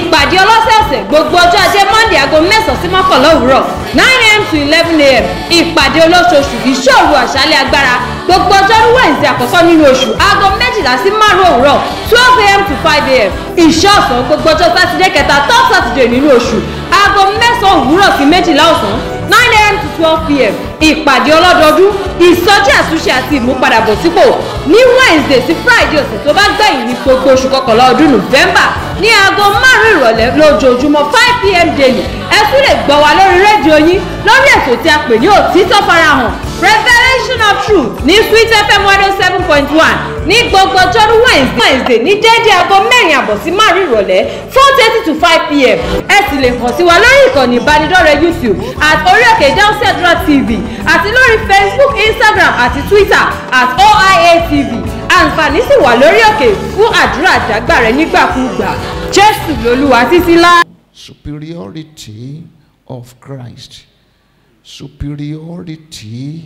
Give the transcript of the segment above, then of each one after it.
ìpàdé ọlọ́sẹ̀ọ̀sẹ̀ gbogbo ọjọ́ ajé monday aago mẹ́sàn-án sí mọ́kànlá òwúrọ̀ nine am to eleven am ìpàdé olóṣooṣù ìṣòro àṣálẹ̀ agbára gbogbo ọjọ́rú wẹ̀ǹsì àkọ́kọ́ nínú oṣù aago méjìlá sí márùn òwúrọ̀ twelve am to five am ìṣọ̀sán gbogbo ọjọ́ sátidé kẹta third saturday nínú oṣù aago mẹ́sàn-án òwúrọ̀ sí méjìlá ọ̀sán nine am to twelve pm ìpàdé ọlọ́dọọdún ìsọjí àtúnṣe àti ìmúpadàbọ̀sípò ní Wednesday sí Friday ọ̀sẹ̀ tó bá gbẹ̀yìn ní gbogbo oṣù kọkànlá ọdún November ní aago márùn-ún ìrọ̀lẹ́ lójoojúmọ́ five pm daily ẹ tún lè gbọ́ wa lórí rédíò yín lórí ètò tí a pè ní òtítọ́ farahàn rẹ́fẹ́ revelation of truth ní sweet fm one oh seven point one ní gbogbo ọjọ́rú wednesday ní déédéé aago mẹ́rin àbọ̀ sí márùn ìrọ̀lẹ́ four thirty to five pm ẹ sì lè kàn sí wa lórí ìkànnì ìbánidọ́rẹ̀ẹ́ youtube àti orí òkè ìdáhùnsí tv àti lórí facebook instagram àti twitter at oia tv àǹfààní sì wà lórí òkè fún àdúrà àdágbà rẹ jésù lolúwa títí lá. superiority of christ superiority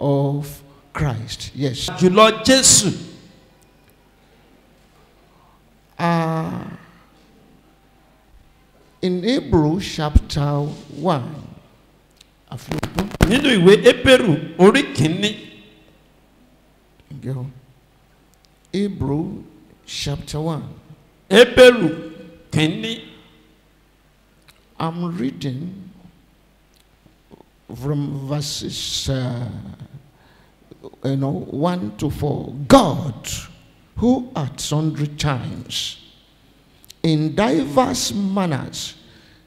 of Christ. Yes. Lord Jesus, Uh, ah, in Hebrew chapter one. Nínú ìwé Hébérù orí kìíní. Hebrew chapter one. Hébérù kìíní. I'm reading from verses uh, you know, 1 to 4. God, who at sundry times, in diverse manners,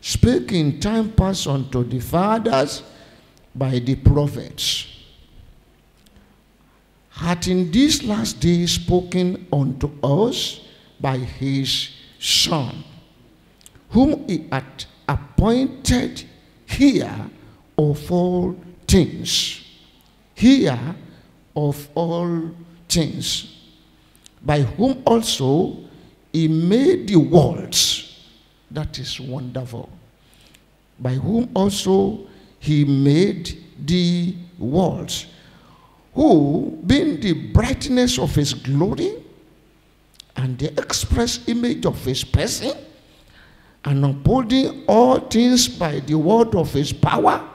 spake in time past unto the fathers by the prophets, hath in these last days spoken unto us by his Son, whom he hath appointed here of all things, hear of all things, by whom also he made the worlds. That is wonderful. By whom also he made the worlds, who, being the brightness of his glory and the express image of his person, and upholding all things by the word of his power,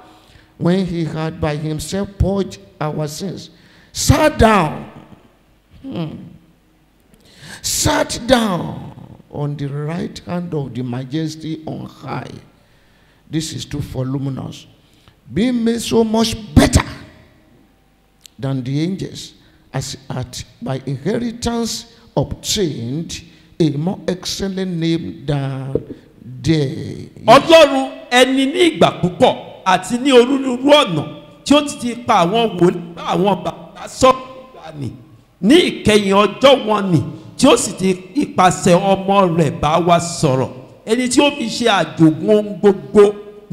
when he had by himself purged our sins, sat down, hmm, sat down on the right hand of the majesty on high. This is too voluminous. Being made so much better than the angels, as at by inheritance obtained a more excellent name than they. Ọlọ́run ẹni ní ìgbà púpọ̀ àti ní onírúurú ọ̀nà tí ó ti ti pa àwọn wòlíì bá àwọn bàbá sọ́kùnrin ni ní ìkẹyìn ọjọ́ wọn ni tí ó sì ti ipasẹ̀ ọmọ rẹ̀ bá wa sọ̀rọ̀ ẹni tí ó fi ṣe àjogún ohun gbogbo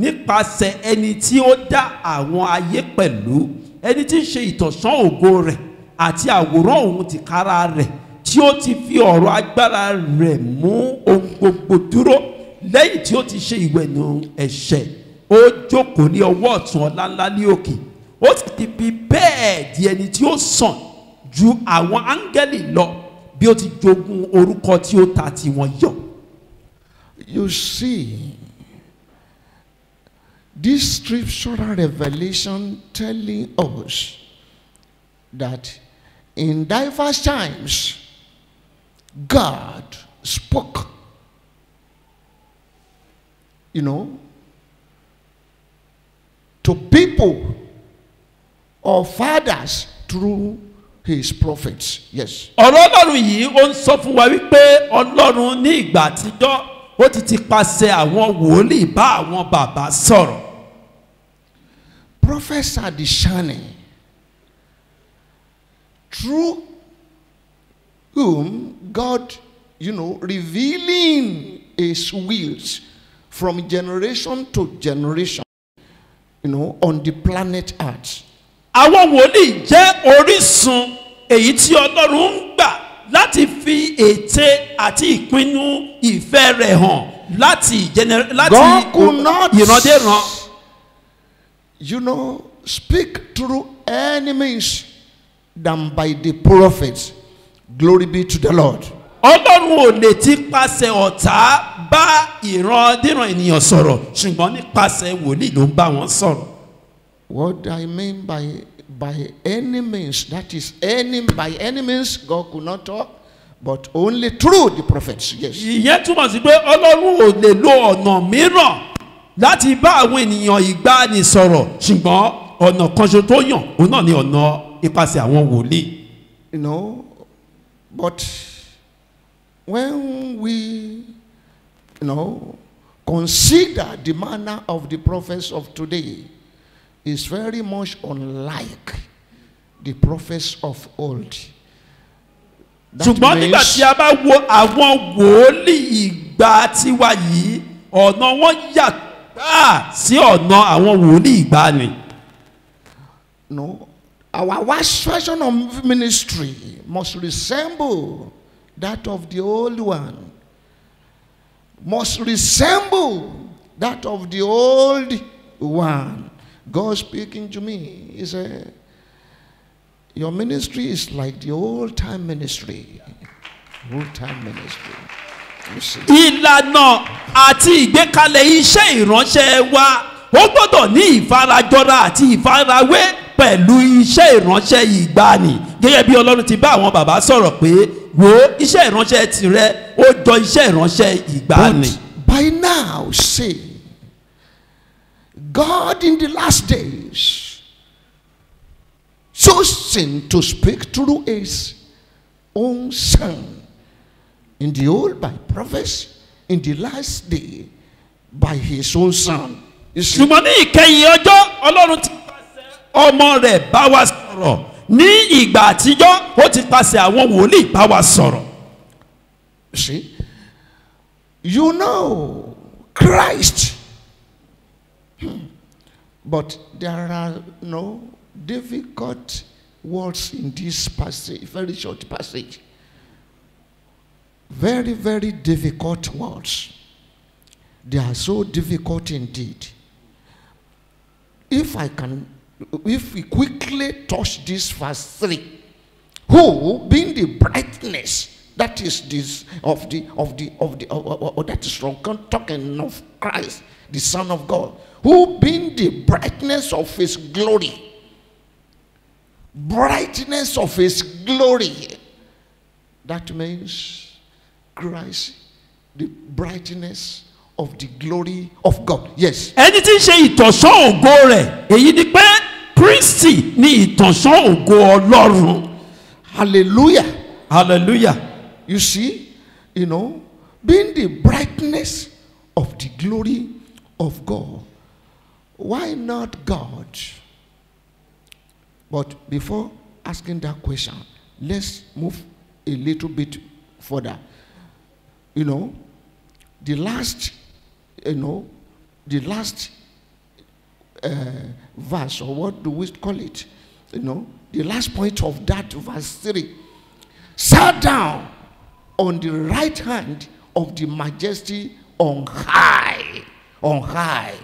nípasẹ̀ ẹni tí ó dá àwọn ayé pẹ̀lú ẹni tí ń ṣe ìtọ̀sán ògo rẹ̀ àti àwòrán òun tìkára rẹ̀ tí ó ti fi ọ̀rọ̀ agbára rẹ̀ mú ohun gbogbo dúró lẹ́yìn tí ó ti ṣe ìwẹ̀nù ẹ̀ṣẹ̀ ó jókòó ní ọwọ́ ọ̀tún ọlá ńlá ní òkè ó sì ti fi bẹ́ẹ̀ di ẹni tí ó sàn ju àwọn áńgẹ́lì lọ bí ó ti jogún orúkọ tí ó ta tiwọn yọ. You see, this scriptural revelation telling us that in diverse times God spoke. You know, to people or fathers through his prophets. Yes. ọ̀rọ̀ ọlọ́run yìí ó ń sọ fún wa wípé ọlọ́run ní ìgbà àtijọ́ ó ti ti pàṣẹ àwọn wòlíì bá àwọn bàbá sọ̀rọ̀. prophets are discerning through whom God, you know, revealing his wills from generation to generation you know, on the planet earth. Àwọn wòlíì jẹ́ orísun èyí tí Ọlọ́run ń gbà láti fi ète àti ìpinnu ìfẹ́ rẹ̀ hàn láti ìrandéran. You know, speak through any means than by the prophet. Glory be to the Lord ọlọ́run ò lè ti pàṣẹ ọ̀tá bá ìrandíran ènìyàn sọ̀rọ̀ ṣùgbọ́n nípasẹ̀ wòlíì ló ń bá wọn sọ̀rọ̀. What I mean by by any means, that is any by any means, God could not talk, but only through the prophets. Yes. Ìyẹn túmọ̀ sí pé Ọlọ́run ò lè lo ọ̀nà mìíràn láti bá àwọn ènìyàn ìgbani sọ̀rọ̀ ṣùgbọ́n ọ̀nà kan ṣo tó yàn òun náà ni ọ̀nà ipasẹ̀ àwọn wòlíì. You know, but when we, you know, consider the manner of the prophets of today, is very much unlike the prophets of old. ṣùgbọ́n nígbà tí a bá wo àwọn wòólì ìgbà tiwa yìí ọ̀nà wọn yàtọ̀ sí ọ̀nà àwọn wòólì ìgbà ni. No, our first version of ministry must resemble that of the old one must resemble that of the old one. God speaking to me, He said, Your ministry is like the old time ministry. Old time ministry. Ìlànà àti ìgbékalẹ̀ iṣẹ́ ìránṣẹ́ wa ó gbọ́dọ̀ ní ìfarajọra àti ìfarawé pẹ̀lú iṣẹ́ ìránṣẹ́ ìgbani gẹ́gẹ́ bí Ọlọ́run ti bá àwọn bàbá sọ̀rọ̀ pé wo iṣẹ́ ìránṣẹ́ tirẹ̀ ó jọ iṣẹ́ ìránṣẹ́ ìgbàanì. But by now say God in the last days chosen to speak through his own son in the old by prophets in the last day by his own son. ṣùgbọ́n ní ìkẹyìn ọjọ́ Ọlọ́run ti pàṣẹ ọmọ rẹ̀ bá wa sọ̀rọ̀ ní ìgbà àtijọ́ ó ti pàṣẹ àwọn wòlíì bá wa sọ̀rọ̀. See, you know Christ, hmm. but there are no difficult words in this passage, very short passage. Very, very difficult words. They are so difficult indeed. If I can if we quickly touch this verse 3 who being the brightness that is this of the of the of the oh, oh, oh, that is wrong talking of christ the son of god who being the brightness of his glory brightness of his glory that means christ the brightness of the glory of god yes. anything say it or so glory. rẹ̀ Kristi ní show ògo Ọlọ́run. Hallelujah. Hallelujah. You see, you know, being the brightness of the glory of God. Why not God? But before asking that question, let's move a little bit further. You know, the last, you know, the last uh, verse, or what do we call it? You know, the last point of that verse 3 sat down on the right hand of the majesty on high. On high.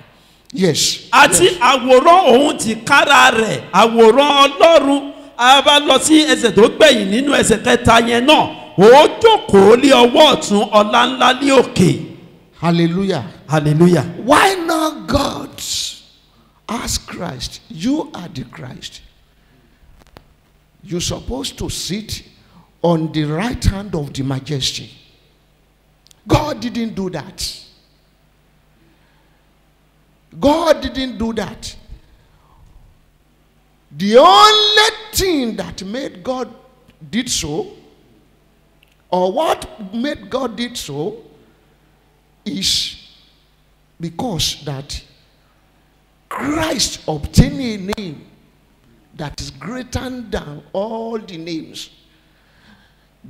Yes. Àti àwòrán òun ti kára rẹ̀, àwòrán Ọlọ́run, a bá lọ sí ẹsẹ̀ tó gbẹ̀yìn nínú ẹsẹ̀ kẹta yẹn náà, ó jókòó lé ọwọ́ ọ̀tún ọlá ńlá ní Hallelujah. Hallelujah. Why Christ. You are the Christ. You're supposed to sit on the right hand of the majesty. God didn't do that. God didn't do that. The only thing that made God did so, or what made God did so, is because that Christ obtained a name that is greater than all the names.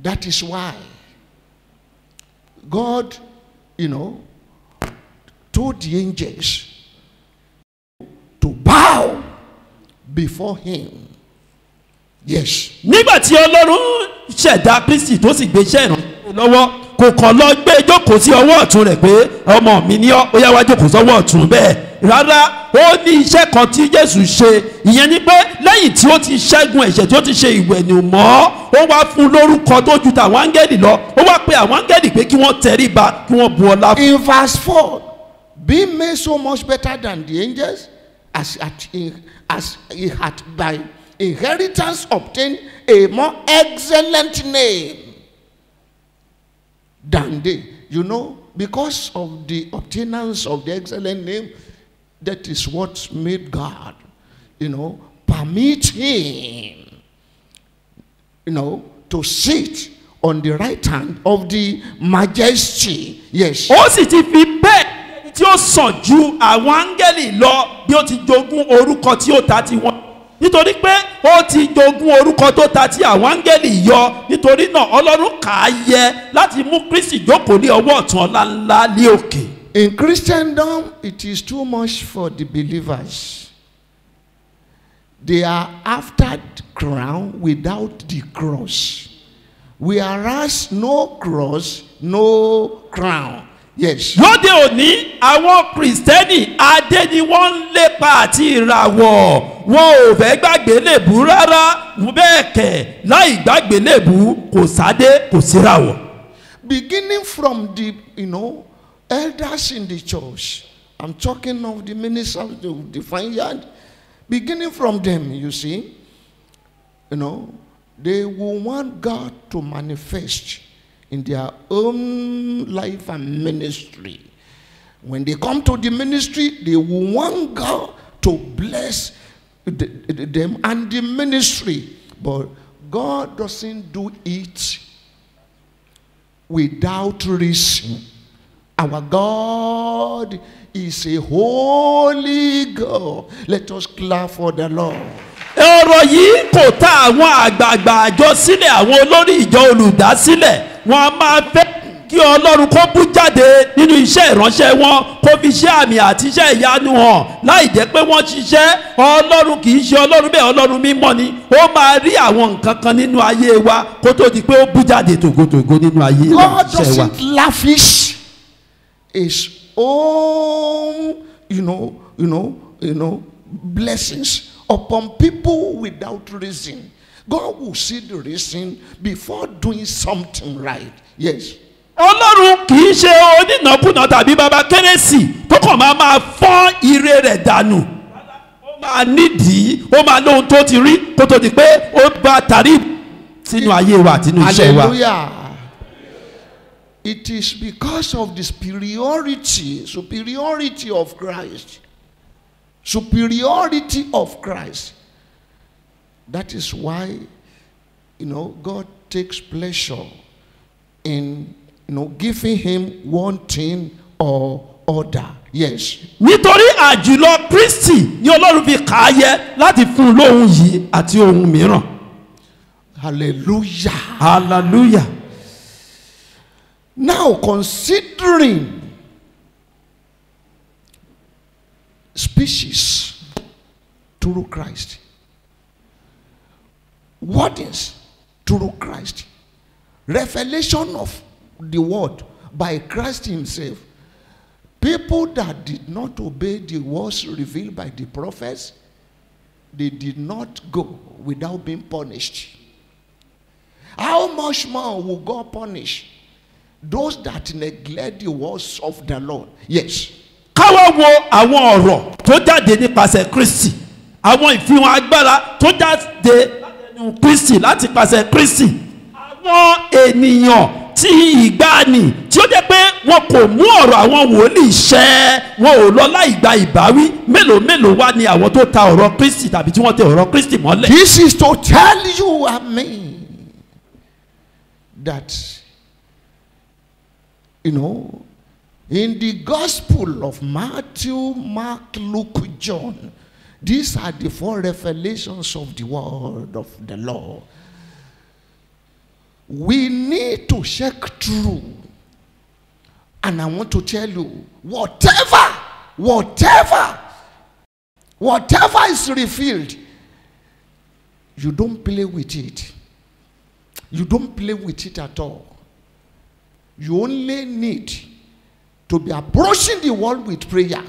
That is why God, you know, told the angels to bow before him. Yes. Nígbà tí Ọlọ́run ṣẹ̀dá Kristi tó sì gbé iṣẹ́ ìrànlọ́wọ́ lọ́wọ́ kò kàn lọ gbé e jókòó sí ọwọ́ ọ̀tún rẹ̀ pé ọmọ mi ní ó yá wá jókòó sọ́wọ́ ọ̀tún bẹ́ẹ̀ rárá ó ní iṣẹ́ kan tí Jésù ṣe ìyẹn ni pé lẹ́yìn tí ó ti ṣẹ́gun ẹ̀ṣẹ̀ tí ó ti ṣe ìwẹ̀nùmọ́ ó wá fún lórúkọ tó ju tàwọn áńgẹ́lì lọ ó wá pe àwọn áńgẹ́lì pé kí wọ́n tẹríba kí wọ́n bu ọlá in verse four being made so much better than the angels as at in, as he had by inheritance obtained a more excellent name than they you know because of the obtainance of the excellent name That is what made God, you know, permit him, you know, to sit on the right hand of the majesty. Yes. Ó sì ti fi bẹ́ẹ̀ tí ó sàn ju àwọn áńgẹ́lì lọ bí ó ti jogún orúkọ tí ó ta ti wọn. Nítorí pé ó ti jogún orúkọ tó ta ti àwọn áńgẹ́lì yọ nítorí náà Ọlọ́run kà á yẹ láti mú Kristi jókòó ní ọwọ́ ọ̀tún ọlá ńlá ní òkè. In Christendom, it is too much for the believers. They are after the crown without the cross. We are asked no cross, no crown. Yes. Lóde òní, àwọn Kristẹni adé ni wọ́n ń lépa àti ìràwọ̀. Wọn ò fẹ́ gbàgbé lèbú rárá. Bẹ́ẹ̀ kẹ̀ láì gbàgbé lèbú kò sáde kò síràwọ̀. Beginning from the you know, elders in the church. I'm talking of the ministers of the vineyard. Beginning from them, you see, you know, they will want God to manifest in their own life and ministry. When they come to the ministry, they will want God to bless them and the ministry. But God doesn't do it without reason. Our God is a holy God. Let us clap for the Lord. ọ̀rọ̀ yìí kò tá àwọn àgbààgbà àjọ sílẹ̀ àwọn olórí ìjọ olùdásílẹ̀ wọn a máa fẹ́ kí ọlọ́run kó bú jáde nínú iṣẹ́ ìránṣẹ́ wọn kó fi iṣẹ́ àmì àti iṣẹ́ ìyanu hàn láì jẹ́ pé wọ́n ṣiṣẹ́ ọlọ́run kì í ṣe ọlọ́run bẹ́ẹ̀ ọlọ́run mímọ́ ni ó máa rí àwọn nǹkan kan nínú ayé wa kó tó di pé ó bú jáde tògótògó nínú ayé wa wa. God doesn't lavish His own, you know, you know, you know, blessings upon people without reason. God will see the reason before doing something right. Yes. Ọlọ́run kì í ṣe onínàkúnà tàbí bàbá kérésì tó kàn máa máa fọ́ ire rẹ̀ dànù. Ó máa nídìí, ó máa lóhun tó ti rí kó tó di pé ó bá tàrí sínú ayé wa àti inú iṣẹ́ wa. Hallelujah. It is because of the superiority, superiority of Christ. Superiority of Christ. That is why, you know, God takes pleasure in, you know, giving him one thing or other. Yes. Nítorí àjùlọ Kristi ni Ọlọ́run fi kà á yẹ láti fún un lóhun yìí àti ohun mìíràn. Hallelujah. Hallelujah. Now, considering species through Christ, what is through Christ? Revelation of the word by Christ Himself. People that did not obey the words revealed by the prophets, they did not go without being punished. How much more will God punish? those that neglect the words of the Lord. Yes. káwá wo àwọn ọ̀rọ̀ tó jáde nípasẹ̀ Kristi àwọn ìfihàn agbára tó jáde látẹnu Kristi láti pàṣẹ Kristi àwọn ènìyàn tí ìgbàanì tí ó jẹ́ pé wọn kò mú ọ̀rọ̀ àwọn wòlíì ṣẹ wọn ò lọ láì gba ìbáwí mélòó mélòó wá ni àwọn tó ta ọ̀rọ̀ Kristi tàbí tí wọ́n tẹ ọ̀rọ̀ Kristi mọ́lẹ̀. This is to tell you and me that. you know, in the Gospel of Matthew, Mark, Luke, John, these are the four revelations of the Word of the Lord. We need to check through. And I want to tell you, whatever, whatever, whatever is revealed, you don't play with it. You don't play with it at all. You only need to be approaching the world with prayer.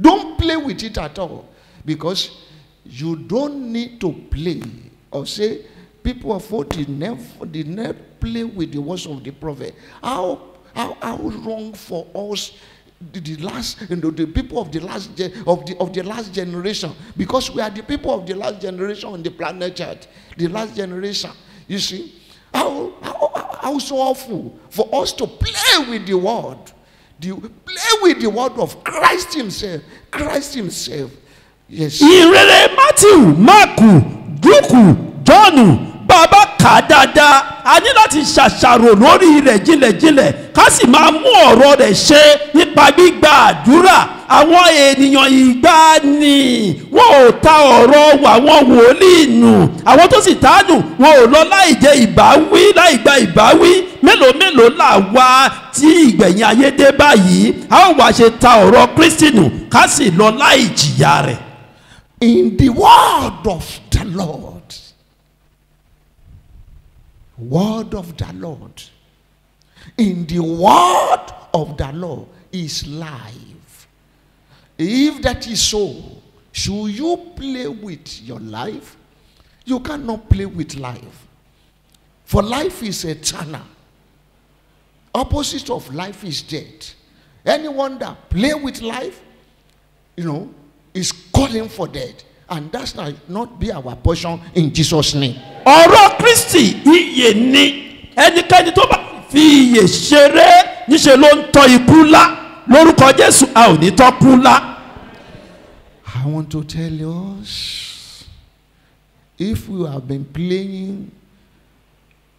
Don't play with it at all because you don't need to play or say, people of old did never, did not play with the words of the prophet. How, how, how wrong for us the, the last you know, the people of the last of the of the last generation because we are the people of the last generation on the planet earth the last generation you see how, how also awful for us to play with the word. The, play with the word of Christ Himself. Christ Himself. Yes. Ìrere Matthew, Máàkù, Lúkù, Jọ́ọ̀nù, Baba Kadada a ní láti ṣàṣàrò lórí rẹ̀ jinlẹ̀jinlẹ̀ ká sì máa mú ọ̀rọ̀ rẹ̀ ṣe nípa gbígba àdúrà àwọn ènìyàn ìgbàanì wọn ò ta ọ̀rọ̀ àwọn wòlíì nù àwọn tó sì tánù wọn ò lọ láì jẹ ìbáwí láì gba ìbáwí mélòó mélòó là wá tí ìgbẹ̀yìn ayé dé báyìí a ó wá ṣe ta ọ̀rọ̀ Kristi ká sì lọ láì jìyà rẹ̀. In the word of the Lord. word of the Lord. In the word of the Lord is life. If that is so, should you play with your life? You cannot play with life. For life is eternal. Opposite of life is death. Anyone that play with life, you know, is calling for death. and that shall not be our portion in Jesus name. ọ̀rọ̀ kristi Iye ni ẹnikẹ́ni tó bá fi iyè ṣeré níṣẹ́ ló ń tọ́ ikú ńlá lórúkọ jésù a ò ní tọ́ ńlá. I want to tell us if we have been playing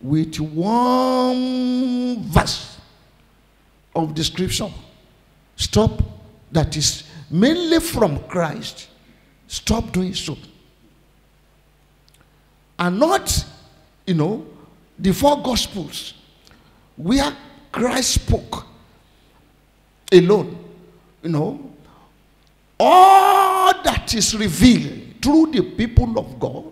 with one verse of the scripture, stop that is mainly from Christ. Stop doing so. And not, you know, the four gospels where Christ spoke alone, you know, all that is revealed through the people of God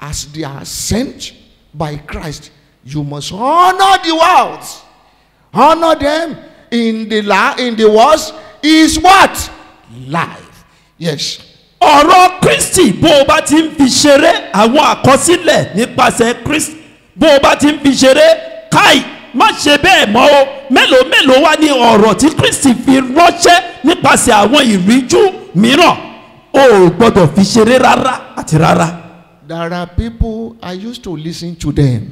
as they are sent by Christ, you must honor the words. Honor them in the la in the words is what? Life. Yes. ọ̀rọ̀ kristi bó o bá ti ń fi ṣeré àwọn àkọsílẹ̀ nípasẹ̀ kristi bó o bá ti ń fi ṣeré káì má ṣe bẹ́ẹ̀ mọ́ o mélòó mélòó wá ní ọ̀rọ̀ tí kristi fi ránṣẹ́ nípasẹ̀ àwọn ìríjú mìíràn o ò gbọ́dọ̀ fi ṣeré rárá àti rárá. there are people i used to listen to them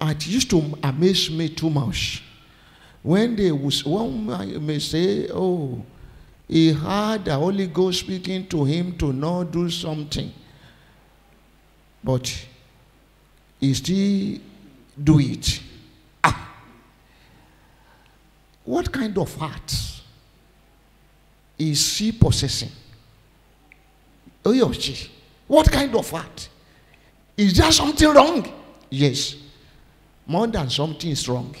and it used to amaze me too much when they was one may say oh. He had the Holy Ghost speaking to him to not do something. But he still do it. Ah. What kind of heart is she possessing? Oh yes, she? What kind of heart? Is there something wrong? Yes. More than something is wrong.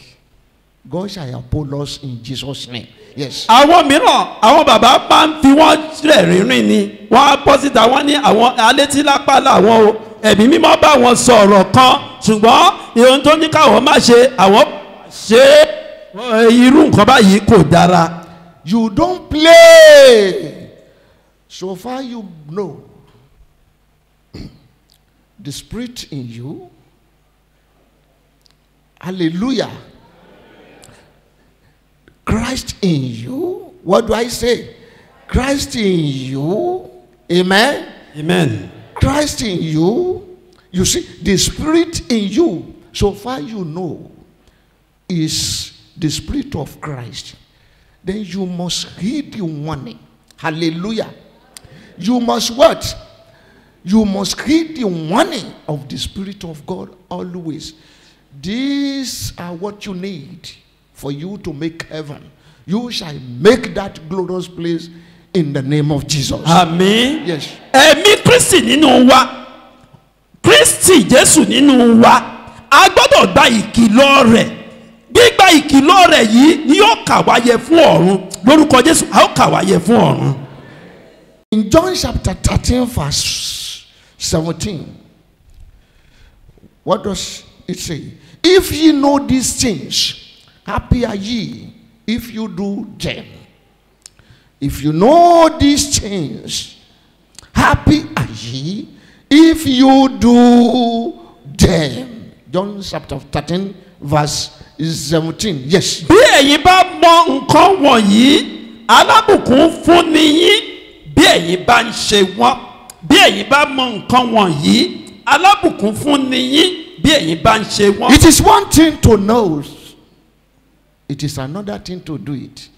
God shall uphold us in Jesus name. Yes. Àwọn mìíràn àwọn bàbá máa ń fi wọ́n rẹ̀ rírìn ni wọ́n á bọ́ síta wọ́n ní àwọn alétílápá làwọn o ẹ̀mí mímọ́ bá wọn sọ̀rọ̀ kan ṣùgbọ́n ohun tó ní káwọn má ṣe àwọn ṣe irú nǹkan báyìí kò dára. You don't play so far you know the spirit in you hallelujah. Christ in you. What do I say? Christ in you. Amen. Amen. Christ in you. You see, the Spirit in you, so far you know, is the Spirit of Christ. Then you must heed the warning. Hallelujah. You must what? You must heed the warning of the Spirit of God always. These are what you need for you to make heaven. You shall make that glorious place in the name of Jesus. Amen. Yes. Ẹ̀mí Kristi nínú wa, Kristi Jésù nínú wa, a gba ìkìlọ̀ rẹ̀. Gbígba ìkìlọ̀ rẹ̀ yìí ni yóò kà wá yẹ fún ọ̀run. Lórúkọ Jésù, a ó kà wá yẹ fún ọ̀run. In John chapter thirteen verse seventeen, what does it say? If ye know these things. Happy are ye if you do them. If you know these things, happy are ye if you do them. John chapter 13, verse 17. Yes. Bí ẹ̀yin bá mọ nǹkan wọ̀nyí, alábùkún fún ni yín. Bí ẹ̀yin bá ń ṣe wọ́n, bí ẹ̀yin bá mọ nǹkan wọ̀nyí, alábùkún fún ni yín. Bí ẹ̀yin bá ń ṣe wọ́n. It is one thing to know It is another thing to do it.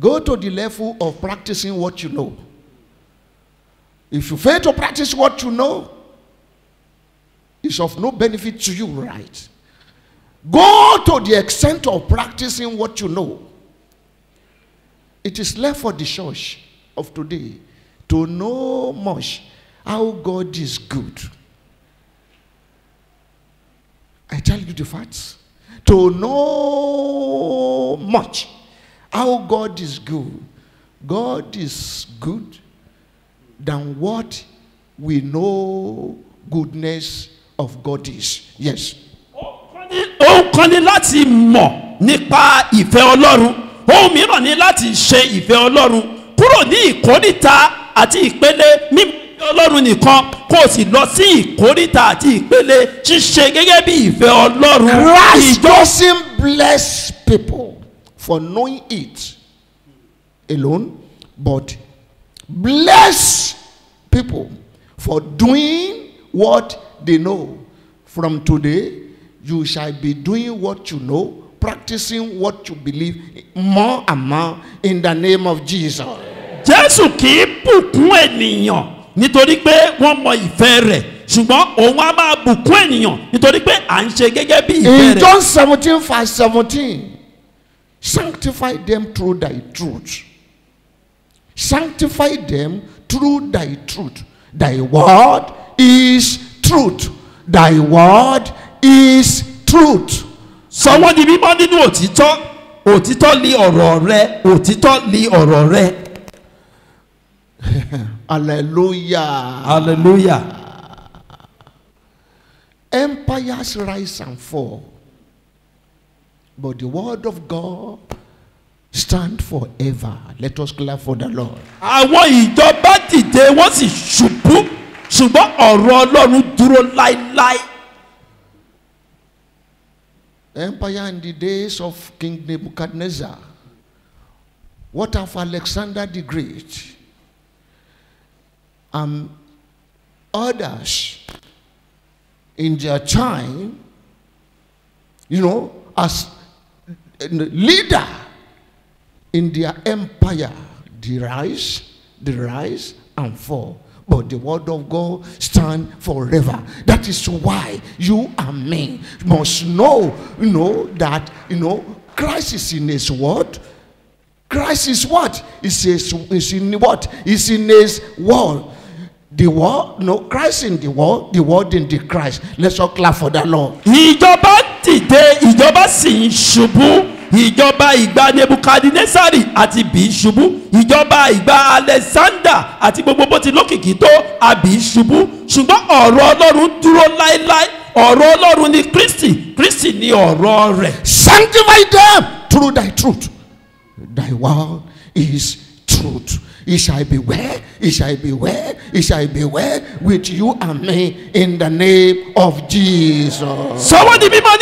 Go to the level of practicing what you know. If you fail to practice what you know, it's of no benefit to you, right? Go to the extent of practicing what you know. It is left for the church of today to know much how God is good. I tell you the facts. to know much how God is good. God is good than what we know goodness of God is. Yes. Ó kọ́ ni láti mọ̀ nípa ìfẹ́ Ọlọ́run. Ohun mìíràn ni láti ṣe ìfẹ́ Ọlọ́run kúrò ní ìkórìíta àti ìpele mímọ́ ọlọ́run nìkan kó o sì lọ sí ìkórìtà àti ìpele ṣíṣe gẹ́gẹ́ bí ìfẹ́ ọlọ́run. Christ doesn't bless people for knowing it alone but bless people for doing what they know from today you shall be doing what you know practicing what you believe more and more in the name of Jesus. Jésù kì í bùkún ènìyàn nítorí pé wọ́n mọ ìfẹ́ rẹ̀ ṣùgbọ́n òun á máa bùkún ènìyàn nítorí pé à ń ṣe gẹ́gẹ́ bí ìfẹ́ rẹ̀. in John seventeen verse seventeen sanctify them through thy truth sanctify them through thy truth thy word is truth thy word is truth. sọ wọ́n di mímọ́ nínú òtítọ́ òtítọ́ li ọ̀rọ̀ rẹ òtítọ́ li ọ̀rọ̀ rẹ. Hallelujah. Hallelujah. Empires rise and fall, but the word of God stand forever. Let us clap for the Lord. Àwọn ìjọba dìde wọ́n sì ṣubú ṣùgbọ́n ọ̀rọ̀ Ọlọ́run dúró láéláé. Empire in the days of King Nebuchadnezzar, what of Alexander the Great? and um, others in their time, you know, as leader in their empire, they rise, they rise and fall. But the word of God stand forever. That is why you and me must know, you know, that, you know, Christ is in his word. Christ is He his, is in what? Is in his word. The world, no Christ in the world, the world in the Christ. Let's all clap for that Lord. Ìjọba dìde, ìjọba sì ń ṣubú. Ìjọba ìgbà Nebukadnesari àti bí ṣubú. Ìjọba ìgbà Alexander àti gbogbo bó ti lókìkí tó àbí ṣubú. Ṣùgbọ́n ọ̀rọ̀ Ọlọ́run dúró láéláé. Ọ̀rọ̀ Ọlọ́run ni Kristi. Kristi ni ọ̀rọ̀ rẹ̀. Sanctify them through thy truth. Thy word is truth. It shall beware! well, shall beware! well, shall beware! with you and me in the name of Jesus. Sọ́wọ́n di mímọ́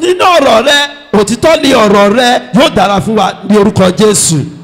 nínú ọ̀rọ̀ rẹ, òtítọ́ ni ọ̀rọ̀ rẹ yóò dára fún wa ní orúkọ Jésù.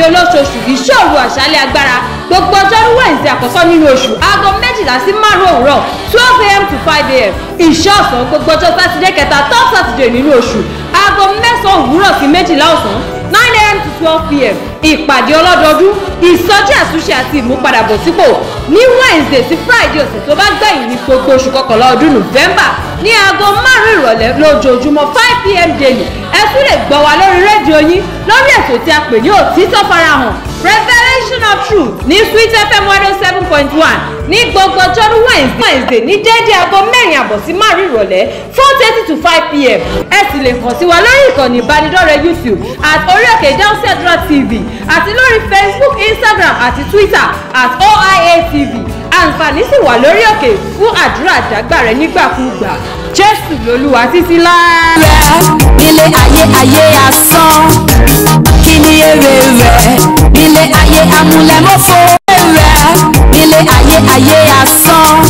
ìpàdé olóṣooṣù ìṣòro àṣálẹ́ agbára gbogbo ọjọ́rú wẹ̀ǹsì àkọ́kọ́ nínú oṣù aago méjìlá sí márùn-ún òwúrọ̀ twelve a.m. to five a.m. ìṣọ́ ọ̀sán gbogbo ọjọ́ sátidé kẹta third saturday nínú oṣù aago mẹ́sàn-án òwúrọ̀ sí méjìlá ọ̀sán nine a.m. to twelve p.m. ìpàdé ọlọ́dọọdún ìsọjí àtúnṣe àti ìmúpadàbọ̀sípò ní wednesday sí friday ọ̀sẹ̀ tó bá gbẹ̀yìn ní gbogbo oṣù kọkànlá ọdún november ní aago márùn-ún ìrọ̀lẹ́ lójoojúmọ́ five pm daily ẹ tún lè gbọ́ wa lórí rédíò yín lórí ètò tí a pè ní òtítọ́ farahàn rẹ́fẹ́rẹ́ Fountain of Truth ní Sweet FM 107.1. oh seven point ní gbogbo ọjọ́rú Wednesday ní déédéé aago mẹ́rin àbọ̀ sí márùn ìrọ̀lẹ́ four to 5 pm ẹ sì lè kàn sí wa lórí ìkànnì ìbánidọ́rẹ̀ẹ́ YouTube at Oríòkè Idahusefira TV àti lórí Facebook Instagram àti Twitter at OIA TV àǹfààní sì wà lórí òkè fún àdúrà àdágbà rẹ nígbàkúùgbà jésù lolúwa títí láé. rẹ ayé ayé asán kí ni èrè rẹ nílé ayé amúlẹ̀mọ́fọ́ rẹ nílé ayé ayé asán.